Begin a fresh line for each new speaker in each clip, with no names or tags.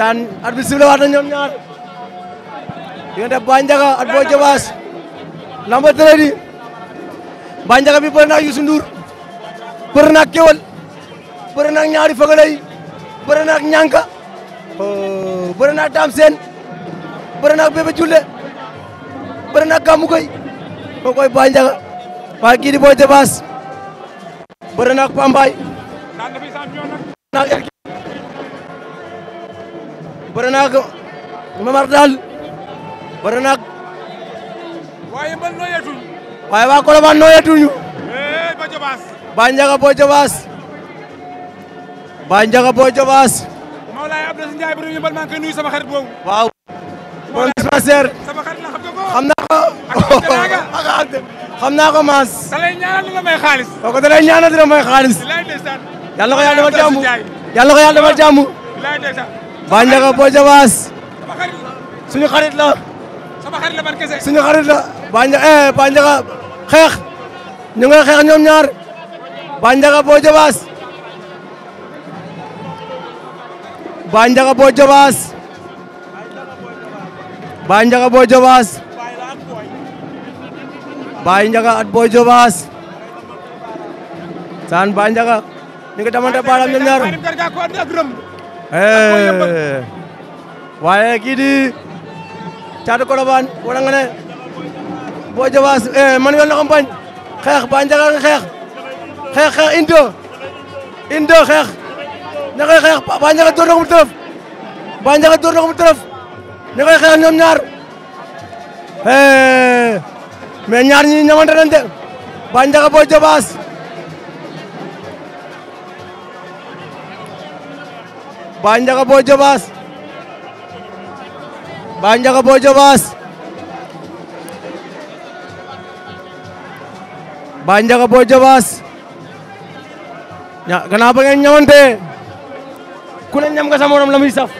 daan at bi sifflé waat na ñoom ñaar diggante Ba Ndiaga ak Boy Diobass lamba tëre di Ba bi bëri na ak Youssou Ndour bëri ñaari fagala yi Ñanka euh, bëri na ak Dame Sène bëri na koy Ba Ndiaga waaye kii di Boy Diobass bëri na ak bëri naa ko Mamar daal bëri naa waaye man nooyeetuñ. waaye waa Colobane nooyeetuñu. ba Jobaas. ba Ndiaga boo Jobaas. ba Ndiaga boo Jobaas. Mawlaay Abdou Ndiaye bu ñu mbal maa ngi koy nuyu sama xarit boobu. waaw. ko. xam naa ko. ak xam naa ko maas. da lay may xaalis. kooku da lay ñaanal may xaalis. yàlla ko yàlla defal jàmm. yàlla Baye Ndiaga Boy Diobass suñu xarit la sama xarit la man kese suñu xarit la Baye Ndiaga eh Baye Ndiaga xeex ñu ngi xeex ñoom ñaar Baye Ndiaga Boy Diobass Baye Ndiaga Boy Diobass at Boy Diobass saan Baye Ndiaga ñu ngi Eh. waaye kii di Caatu Kolobaan wala nga ne eh, man yoon na ko bañ xeex ba njagal nga xeex xeex xeex indo indo xeex ña koy xeex ba na ko mu na ko mu tërëf ña koy xeex ñoom ñaar eh. mais ñaar ñi ñamante Ba Ndiaga Boy Diobass Ba Ndiaga Boy Diobass Ba Ndiaga Boy Diobass gannaaw ba ngeen ñëwante ku ne ñam nga sa saf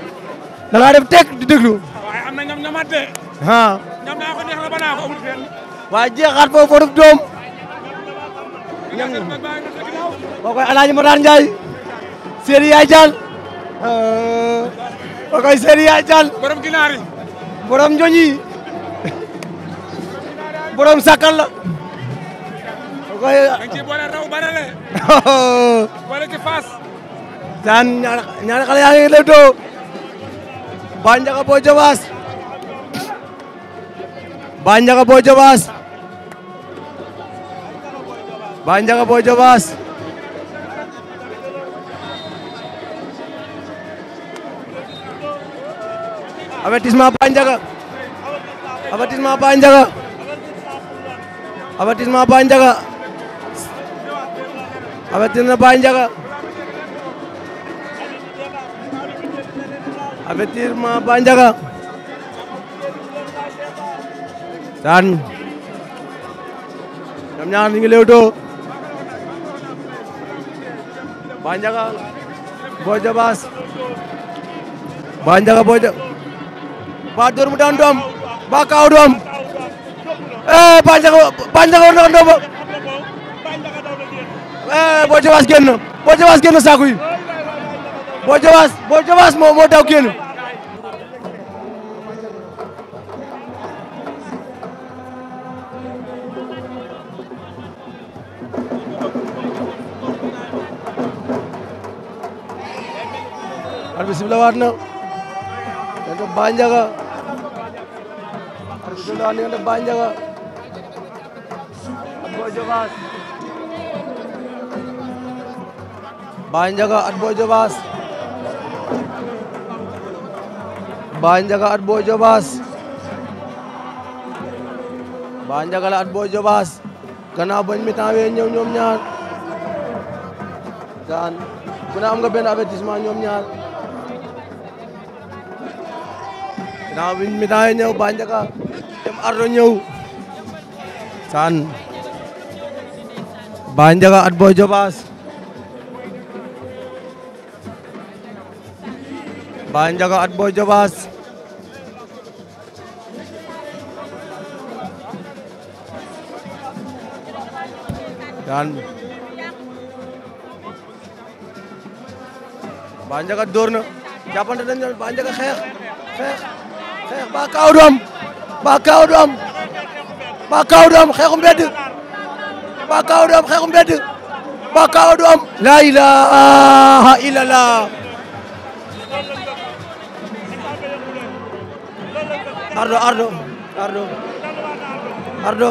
da ngaa def teg di déglu. waaye am na ñam ñamante. ah. ñam naa ko neex na ba naa ko Yaay Dial. o kay seen yaay jal borom ginaar yi borom njoñ yi borom sakal la o kay dañ ci boole raw barale boole ci faas daan ñaari xale yaa ngi lewtoo ba njaga boo jobaas ba njaga boo jobaas ba njaga boo jobaas avertissement Baye Ndiaga avertissement Baye Ndiaga avertissement Baye Ndiaga avertissement Baye Ndiaga avertissement Baye Ndiaga saan ñoom ñaar ñu ngi léewtoo Baye Ndiaga Boy Diobass Baye Ndiaga Boy Diobass ba dóor mu daan doom ba kaaw doom eh Bathie Ndaka Bathie Ndaka war na ko ndomba eh boo jawaas génn boo jawaas génn saako yi boo jawaas boo jawaas moo moo daw génn ar bismillah waat na to Ba Ndiaga ar bido la diggante Ba Ndiaga ak Boy Diobass Ba Ndiaga ak Boy Diobass la ak Boy Diobass gannaaw bañ mi temps wee ñëw ñoom ñaar daan ku ne am nga benn avertissement ñoom ñaar ginnaaw bi mi ñëw ba njaka dem ardo ñëw saan ba njaka at boo jobaas ba njaka at saan ba njaka door na jàppante dañ ba njaka xeex xeex ba kaaw doom ba kaaw doom ba kaaw doom xeexu mbedd ba kaaw doom xeexu mbedd ba kaaw doom la ilaha illallah ardo ardo ardo ardo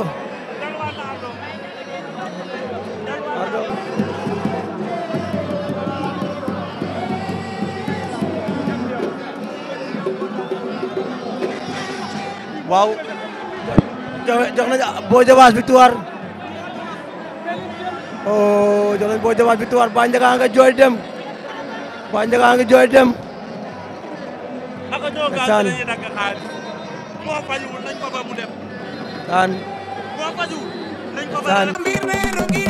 waaw jox nañ Boy Diobass victoire oh jox nañ Boy Diobass victoire Ba Ndiaga nga